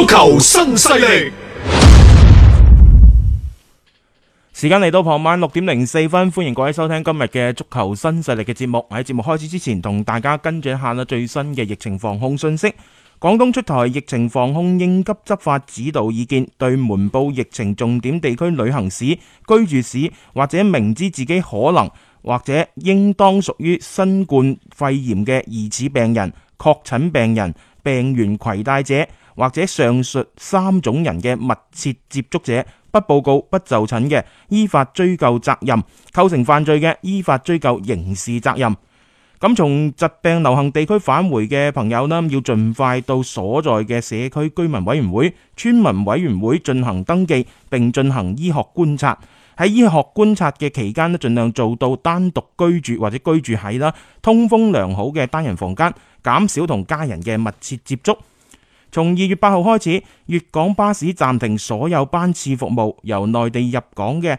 足球新勢力，時間嚟到傍晚六點零四分，歡迎各位收聽今日嘅足球新勢力嘅節目。喺節目開始之前，同大家跟進一下最新嘅疫情防控信息。廣東出台疫情防控應急執法指導意見，對瞞報疫情重點地區旅行史、居住史或者明知自己可能或者應當屬於新冠肺炎嘅疑似病人、確診病人。病原攜帶者或者上述三種人嘅密切接觸者不報告不就診嘅，依法追究責任，構成犯罪嘅，依法追究刑事責任。咁從疾病流行地區返回嘅朋友呢，要盡快到所在嘅社區居民委員會、村民委員會進行登記，並進行醫學觀察。喺醫學觀察嘅期間咧，盡量做到單獨居住或者居住喺啦，通風良好嘅單人房間，減少同家人嘅密切接觸。從二月八號開始，粵港巴士暫停所有班次服務，由內地入港嘅，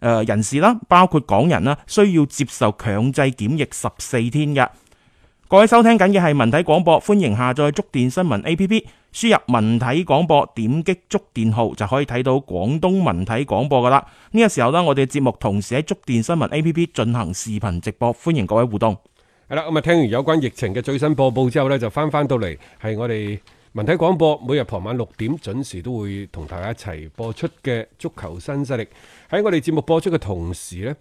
誒人士啦，包括港人啦，需要接受強制檢疫十四天嘅。各位收聽緊嘅係文體廣播，歡迎下載觸電新聞 A P P，輸入文體廣播，點擊觸電號就可以睇到廣東文體廣播噶啦。呢個時候咧，我哋嘅節目同時喺觸電新聞 A P P 進行視頻直播，歡迎各位互動。係啦，咁啊，聽完有關疫情嘅最新播報之後咧，就翻翻到嚟係我哋文體廣播每日傍晚六點準時都會同大家一齊播出嘅足球新勢力。喺我哋節目播出嘅同時咧，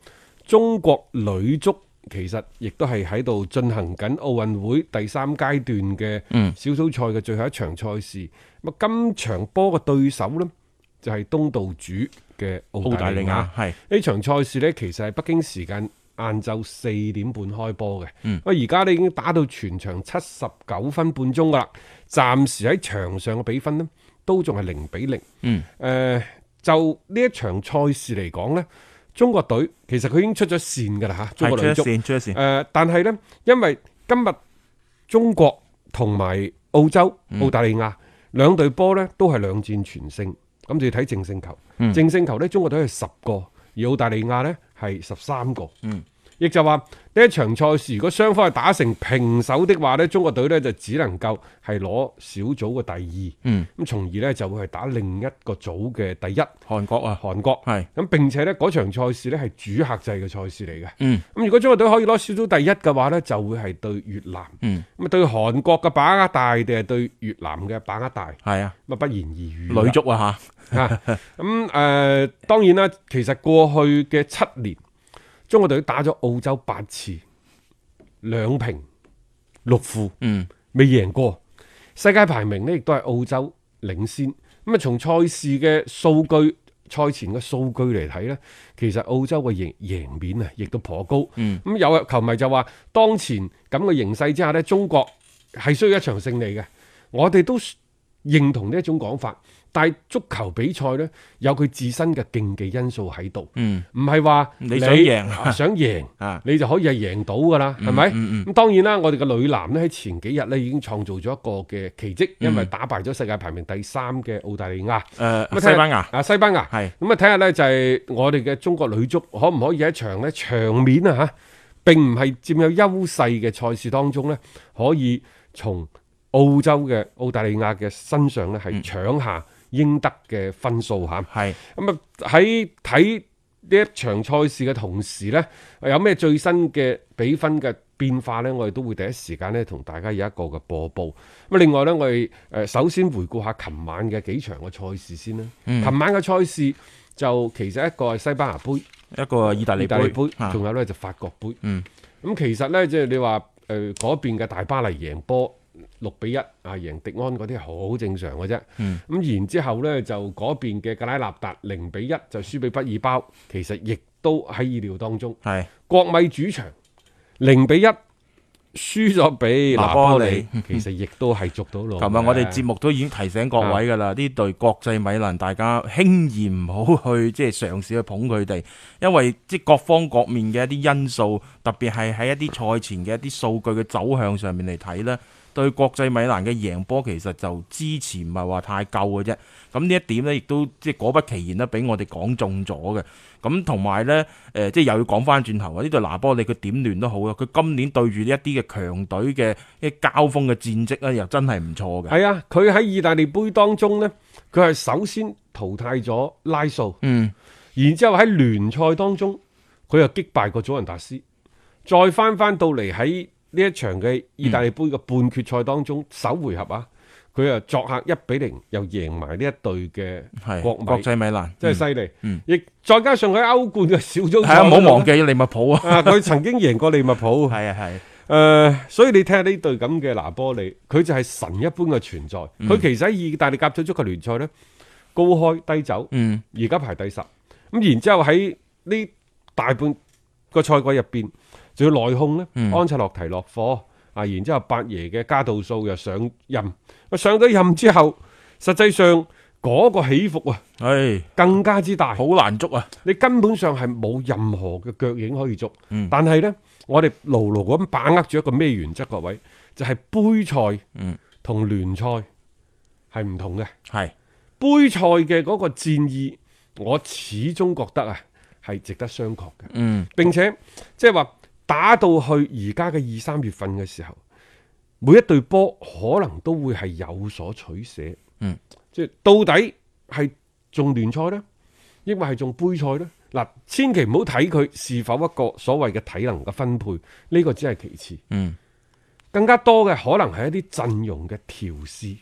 中國女足。其實亦都係喺度進行緊奧運會第三階段嘅小組賽嘅最後一場賽事。咁、嗯、今場波嘅對手呢，就係東道主嘅澳大利亞。呢場賽事呢，其實係北京時間晏晝四點半開波嘅。而家呢已經打到全場七十九分半鐘啦。暫時喺場上嘅比分呢都仲係零比零。嗯，誒、呃，就呢一場賽事嚟講呢。中國隊其實佢已經出咗線噶啦吓，中國女足。誒、呃，但係呢，因為今日中國同埋澳洲、澳大利亞兩隊波呢都係兩戰全勝。咁就要睇正勝球，嗯、正勝球呢中國隊係十個，而澳大利亞呢係十三個。嗯。亦就話呢一場賽事，如果雙方係打成平手的話呢，中國隊呢就是、只能夠係攞小組嘅第二，嗯，咁從而呢就會係打另一個組嘅第一，韓國啊，韓國係咁係，並且呢嗰場賽事呢係主客制嘅賽事嚟嘅，嗯，咁如果中國隊可以攞小組第一嘅話呢，就會係對越南，嗯，咁啊、嗯、對韓國嘅把握大定係對越南嘅把握大？係啊，咁啊不言而喻，女足、呃嗯、啊嚇、嗯，咁誒當然啦，其實過去嘅七年。中國隊打咗澳洲八次，兩平六負，嗯，未贏過。世界排名呢亦都係澳洲領先。咁啊，從賽事嘅數據、賽前嘅數據嚟睇呢，其實澳洲嘅贏贏面啊，亦都頗高。嗯，咁有球迷就話，當前咁嘅形勢之下呢，中國係需要一場勝利嘅。我哋都認同呢一種講法。但係足球比賽呢，有佢自身嘅競技因素喺度，唔係話你想贏想贏， 你就可以係贏到噶啦，係咪？咁、嗯嗯、當然啦，我哋嘅女籃呢，喺前幾日呢已經創造咗一個嘅奇跡，因為打敗咗世界排名第三嘅澳大利亞。咁、嗯呃、西班牙啊，西班牙係咁啊，睇下是呢，就係、是、我哋嘅中國女足可唔可以喺場咧場面啊吓，並唔係佔有優勢嘅賽事當中呢，可以從澳洲嘅澳大利亞嘅身上呢，係搶、嗯、下。英德嘅分數嚇，係咁啊！喺睇呢一場賽事嘅同時呢，有咩最新嘅比分嘅變化呢？我哋都會第一時間呢同大家有一個嘅播報。咁另外呢，我哋誒首先回顧下琴晚嘅幾場嘅賽事先啦。琴、嗯、晚嘅賽事就其實一個係西班牙杯，一個係意大利杯，仲、啊、有呢就法國杯。嗯，咁、嗯嗯、其實呢，即、就、係、是、你話誒嗰邊嘅大巴黎贏波。六比一啊，贏迪安嗰啲好正常嘅啫。咁、嗯、然之後呢，就嗰邊嘅格拉納達零比一就輸俾畢爾包，其實亦都喺意料當中。係是國米主場零比一輸咗俾那波里， 其實亦都係捉到落。琴日我哋節目都已經提醒各位㗎啦，呢隊是國際米蘭，大家輕易唔好去即係嘗試去捧佢哋，因為即各方各面嘅一啲因素，特別係喺一啲賽前嘅一啲數據嘅走向上面嚟睇呢。對國際米蘭嘅贏波，其實就之前唔係話太夠嘅啫。咁呢一點呢，亦都即係果不其然咧，俾我哋講中咗嘅。咁同埋呢，誒、呃，即係又要講翻轉頭啊！呢隊拿波利，佢點亂都好啊。佢今年對住一啲嘅強隊嘅一交鋒嘅戰績呢，又真係唔錯嘅。係啊，佢喺意大利杯當中呢，佢係首先淘汰咗拉素，嗯，然之後喺聯賽當中，佢又擊敗過祖雲達斯，再翻翻到嚟喺。呢一場嘅意大利杯嘅半決賽當中，首回合啊，佢啊作客一比零又贏埋呢一隊嘅國國際米蘭，真係犀利。亦再加上佢喺歐冠嘅小組，係啊，唔好忘記利物浦啊，佢曾經贏過利物浦。係啊係，誒，所以你睇下呢隊咁嘅拿波利，佢就係神一般嘅存在。佢其實喺意大利甲組足球聯賽呢，高開低走，嗯，而家排第十，咁然之後喺呢大半個賽季入邊。仲要內訌呢，嗯、安切洛提落課啊，然之後八爺嘅加道數又上任，上咗任之後，實際上嗰個起伏啊，係、哎、更加之大，好、嗯、難捉啊！你根本上係冇任何嘅腳影可以捉。嗯、但係呢，我哋牢牢咁把握住一個咩原則？各位就係、是、杯賽、嗯、同聯賽係唔同嘅。係、嗯、是杯賽嘅嗰個戰意，我始終覺得啊，係值得商榷嘅。嗯。並且即係話。打到去而家嘅二三月份嘅時候，每一隊波可能都會係有所取捨，嗯，即到底係中聯賽咧，抑或係中杯賽咧？嗱，千祈唔好睇佢是否一個所謂嘅體能嘅分配，呢個只係其次，嗯，更加多嘅可能係一啲陣容嘅調試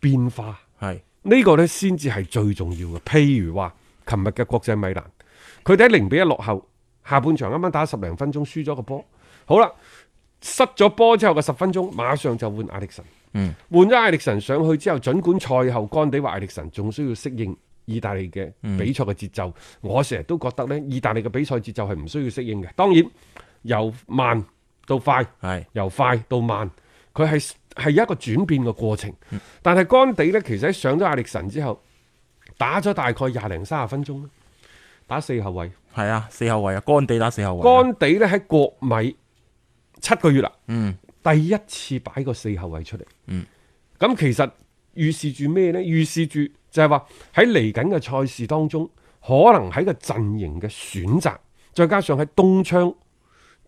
變化，係呢是個咧先至係最重要嘅。譬如話，琴日嘅國際米蘭，佢哋喺零比一落後。下半場啱啱打十零分鐘，輸咗個波。好啦，失咗波之後嘅十分鐘，馬上就換艾力神。嗯，換咗艾力神上去之後，儘管賽後干地話艾力神仲需要適應意大利嘅比賽嘅節奏，嗯、我成日都覺得呢，意大利嘅比賽節奏係唔需要適應嘅。當然由慢到快，係是由快到慢，佢係係一個轉變嘅過程。但係干地呢，其實喺上咗艾力神之後，打咗大概廿零三十分鐘。打四後衛係啊，四後衛啊，干地打四後衛。干地咧喺國米七個月啦，嗯，第一次擺個四後衛出嚟，嗯，咁其實預示住咩咧？預示住就係話喺嚟緊嘅賽事當中，可能喺個陣營嘅選擇，再加上喺冬窗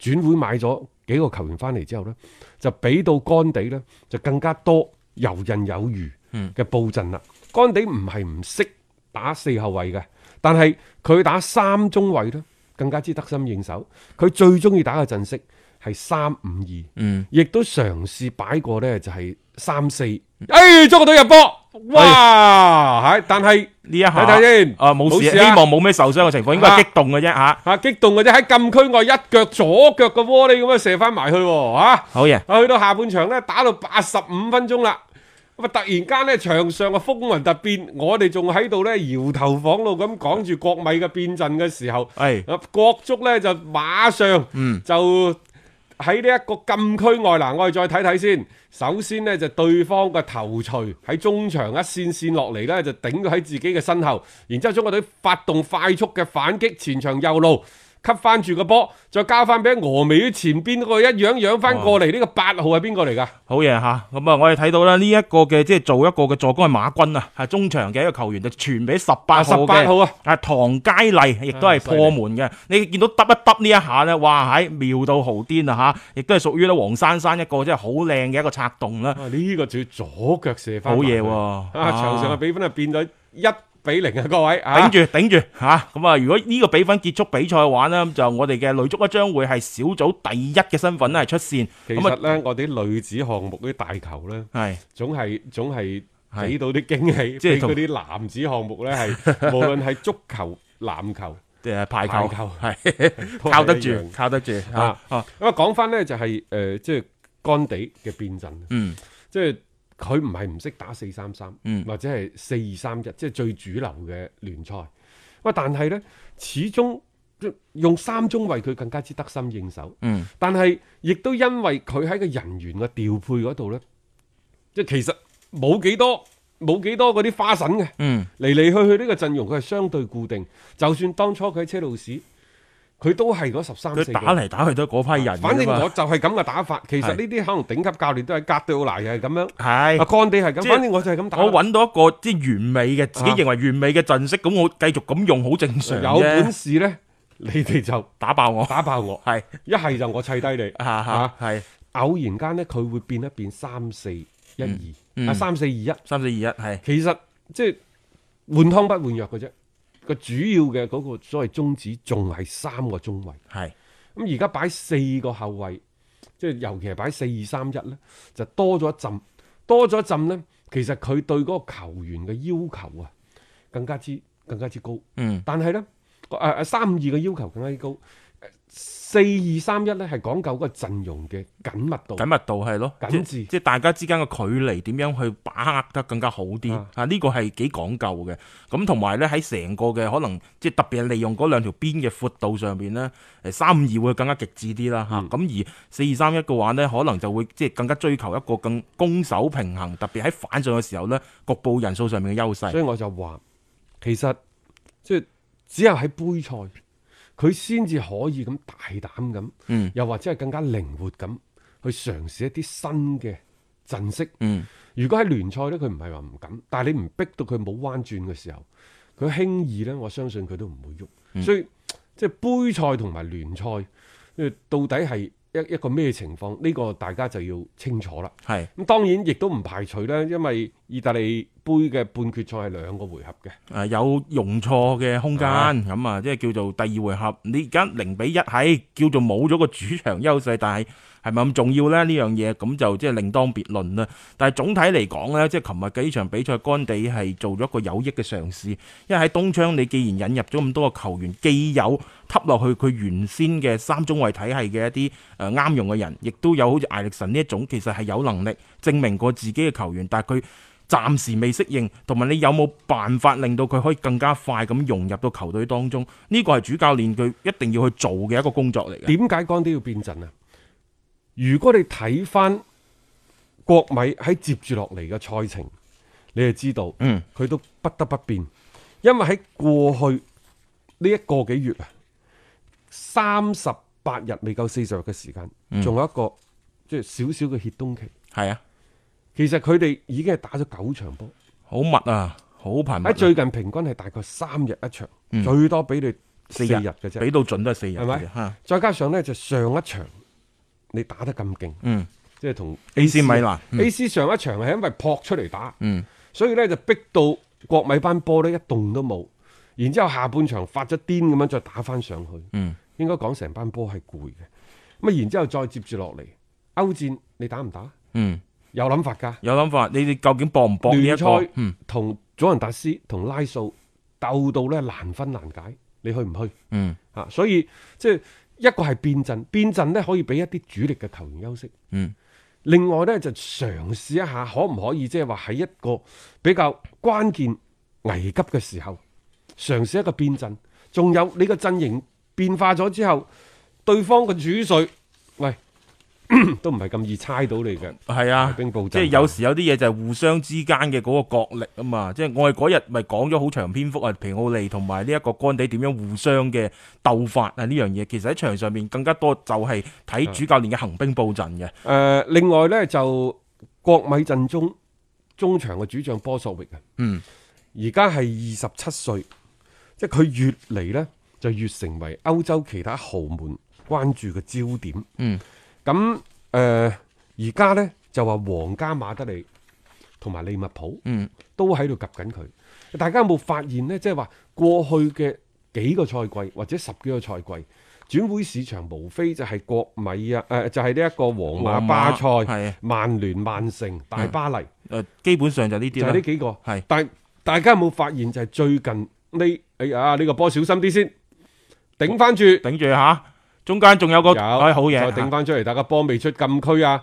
轉會買咗幾個球員翻嚟之後咧，就俾到干地咧就更加多游刃有餘嘅布陣啦。嗯，干地唔係唔識打四後衛嘅。但係佢打三中衛咧，更加之得心應手。佢最中意打嘅陣式係三五二，嗯，亦都嘗試擺過咧，就係三四。哎，中國隊入波，哇！吓、哎，但係是呢一下睇睇先。啊，冇事，希望冇咩受傷嘅情況，應該係激動嘅啫吓。吓，激動嘅啫，喺禁區外一腳左腳嘅窩利咁樣射翻埋去，吓、啊。好嘢、啊。去到下半場咧，打到八十五分鐘啦。突然間咧，場上嘅風雲突變，我哋仲喺度咧搖頭晃腦咁講住國米嘅變陣嘅時候，係啊是，國足呢就馬上就喺呢一個禁區外嗱、啊，我哋再睇睇先。首先呢，就是、對方嘅頭槌喺中場一線線落嚟呢就頂喺自己嘅身後，然之後中國隊發動快速嘅反擊，前場右路。吸翻住個波，再交翻俾峨眉前邊嗰個一樣養翻過嚟。呢個八號係邊個嚟噶？好嘢吓，咁啊，啊嗯、我哋睇到啦，呢、這、一個嘅即係做一個嘅助攻係馬君啊，係中場嘅一個球員就傳俾十八號啊，十八號啊，係唐佳麗，亦都係破門嘅。你見到揼一揼呢一下咧，哇，喺、哎、妙到毫巔啊吓，亦都係屬於咧黃珊珊一個即係好靚嘅一個策動啦。呢、啊這個仲要左腳射翻，好嘢喎、啊！啊，場上嘅比分啊變咗一。啊啊比零啊！各位頂住頂住吓咁啊！如果呢個比分結束比賽嘅話咧，咁就我哋嘅女足咧將會係小組第一嘅身份咧係出線。其實咧，我哋啲女子項目嗰啲大球咧，係總係總係俾到啲驚喜，即係嗰啲男子項目咧係無論係足球、籃球定係排球，係靠得住，靠得住啊！咁啊，講翻咧就係誒，即係干地嘅變陣，嗯，即係。佢唔係唔識打四三三，或者係四二三一，即係最主流嘅聯賽。喂，但係呢，始終、呃、用三中衛佢更加之得心應手。嗯，但係亦都因為佢喺個人員嘅調配嗰度呢，即係其實冇幾多冇幾多嗰啲花臣嘅。嗯，嚟嚟去去呢個陣容佢係相對固定，就算當初佢喺車路士。佢都係嗰十三，佢打嚟打去都係嗰批人。反正我就係咁嘅打法。其實呢啲可能頂級教練都係隔到嚟，係咁樣。係，干地係咁。反正我就係咁打。我揾到一個即係完美嘅，自己認為完美嘅陣式，咁我繼續咁用，好正常。有本事咧，你哋就打爆我，打爆我。係，一係就我砌低你。吓吓，係。偶然間咧，佢會變一變三四一二啊，三四二一，三四二一，係。其實即係換湯不換藥嘅啫。個主要嘅嗰個所謂中指，仲係三個中位。係是，咁而家擺四個後衞，即係尤其係擺四二三一咧，就多咗一陣，多咗一陣咧，其實佢對嗰個球員嘅要求啊，更加之更加之高。嗯，但係咧，誒、啊、三五二嘅要求更加之高。四二三一呢係講究嗰個陣容嘅緊密度，緊密度係咯，緊致至，即係大家之間嘅距離點樣去把握得更加好啲啊？呢個係幾講究嘅。咁同埋呢，喺成個嘅可能，即係特別利用嗰兩條邊嘅闊度上邊呢，誒三二會更加極致啲啦。吓咁、嗯、而四二三一嘅話呢，可能就會即係更加追求一個更攻守平衡，特別喺反上嘅時候呢，局部人數上面嘅優勢。所以我就話，其實即係只有喺杯賽。佢先至可以咁大膽咁，又或者係更加靈活咁去嘗試一啲新嘅陣式。嗯、如果喺聯賽咧，佢唔係話唔敢，但係你唔逼到佢冇彎轉嘅時候，佢輕易咧，我相信佢都唔會喐。嗯、所以即係、就是、杯賽同埋聯賽，到底係一一個咩情況？呢、這個大家就要清楚啦。係咁，當然亦都唔排除咧，因為。意大利杯嘅半決賽係兩個回合嘅，誒、呃、有容錯嘅空間，咁啊即係叫做第二回合。你而家零比一係叫做冇咗個主場優勢，但係係咪咁重要呢？呢樣嘢咁就即係另當別論啦。但係總體嚟講呢，即係琴日嘅呢場比賽，干地係做咗一個有益嘅嘗試。因為喺東窗，你既然引入咗咁多個球員，既有吸落去佢原先嘅三中衛體系嘅一啲誒啱用嘅人，亦都有好似艾力神呢一種，其實係有能力證明過自己嘅球員，但係佢。暫時未適應，同埋你有冇辦法令到佢可以更加快咁融入到球隊當中？呢個係主教練佢一定要去做嘅一個工作嚟嘅。點解講都要變陣啊？如果你睇翻國米喺接住落嚟嘅賽程，你就知道，嗯，佢都不得不變，嗯、因為喺過去呢一個幾月啊，三十八日未夠四十日嘅時間，仲有一個即係少少嘅歇冬期，係、嗯、啊。其實佢哋已經係打咗九場波，好密啊，好頻密、啊。喺最近平均係大概三日一場，嗯、最多畀你四日嘅啫，畀到准都係四日，係咪？啊、再加上咧就上一場你打得咁勁、嗯，嗯，即係同 A C 米蘭，A C 上一場係因為撲出嚟打，嗯，所以咧就逼到國米班波呢一動都冇。然之後下半場發咗癲咁樣再打翻上去，嗯，應該講成班波係攰嘅。咁啊，然之後，然之後再接住落嚟，歐戰你打唔打？嗯。有諗法噶，有諗法。你哋究竟搏唔搏？呢同祖雲達斯同拉素鬥到咧難分難解，你去唔去？嗯，吓，所以即係、就是、一個係變陣，變陣咧可以俾一啲主力嘅球員休息。嗯，另外咧就嘗試一下可唔可以即係話喺一個比較關鍵危急嘅時候嘗試一個變陣。仲有你個陣型變化咗之後，對方嘅主帥喂。 都唔係咁易猜到嚟嘅，係啊，兵布陣，即係有時有啲嘢就係互相之間嘅嗰個角力啊嘛，即係我哋嗰日咪講咗好長篇幅啊，皮奧利同埋呢一個干地點樣互相嘅鬥法啊呢樣嘢，其實喺場上面更加多就係睇主教練嘅行兵布陣嘅。誒、啊呃，另外呢，就國米陣中中場嘅主將波索域啊，嗯，而家係二十七歲，即係佢越嚟呢就越成為歐洲其他豪門關注嘅焦點，嗯。咁誒，而家咧就話、是、皇家馬德里同埋利物浦，嗯，都喺度及緊佢。大家有冇發現呢？即係話過去嘅幾個賽季或者十幾個賽季，轉會市場無非就係國米啊，誒、呃、就係呢一個皇馬、巴塞、曼聯、曼城、大巴黎。誒、呃，基本上就呢啲，就呢幾個。係的，但大家有冇發現就係最近呢？誒、哎、啊，呢、這個波小心啲先，頂翻住，頂住吓。中間仲有個好嘢，再頂翻出嚟，大家波未出禁區啊，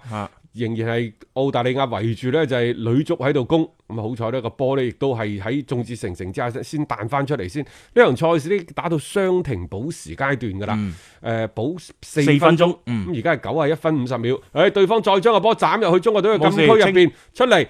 仍然係澳大利亞圍住咧，就係女足喺度攻。咁好彩呢個波呢，亦都係喺眾志成城之下先彈翻出嚟先。呢場賽事呢，打到雙停補時階段噶啦，誒補四分鐘，咁而家係九啊一分五十秒。誒，對方再將個波斬入去中國隊嘅禁區入邊，出嚟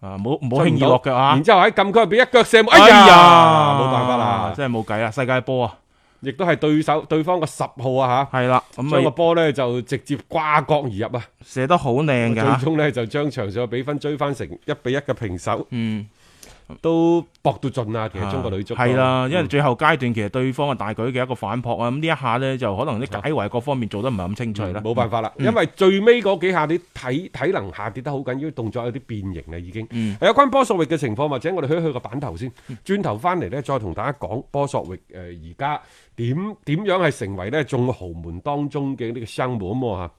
啊！唔好唔好輕易落腳，然之後喺禁區入邊一腳射門，哎呀，冇辦法啦，真係冇計啦，世界波啊！亦都係對手對方、啊嗯、個十號啊吓？係啦，咁啊波咧就直接掛角而入射啊，射得好靚嘅，最終咧就將場上嘅比分追翻成一比一嘅平手。嗯。都搏到盡啦，其實中國女足係啦、啊啊，因為最後階段其實對方啊大舉嘅一個反撲啊，咁呢、嗯、一下呢，就可能啲解圍各方面做得唔係咁清楚啦。冇、啊嗯、辦法啦，嗯、因為最尾嗰幾下你體體能下跌得好緊要，動作有啲變形啦已經。有、嗯、關波索域嘅情況，或者我哋去去個版頭先，轉頭翻嚟，呢再同大家講波索域誒，而家點點樣係成為呢眾豪門當中嘅呢個新門啊？嗯嗯嗯嗯嗯嗯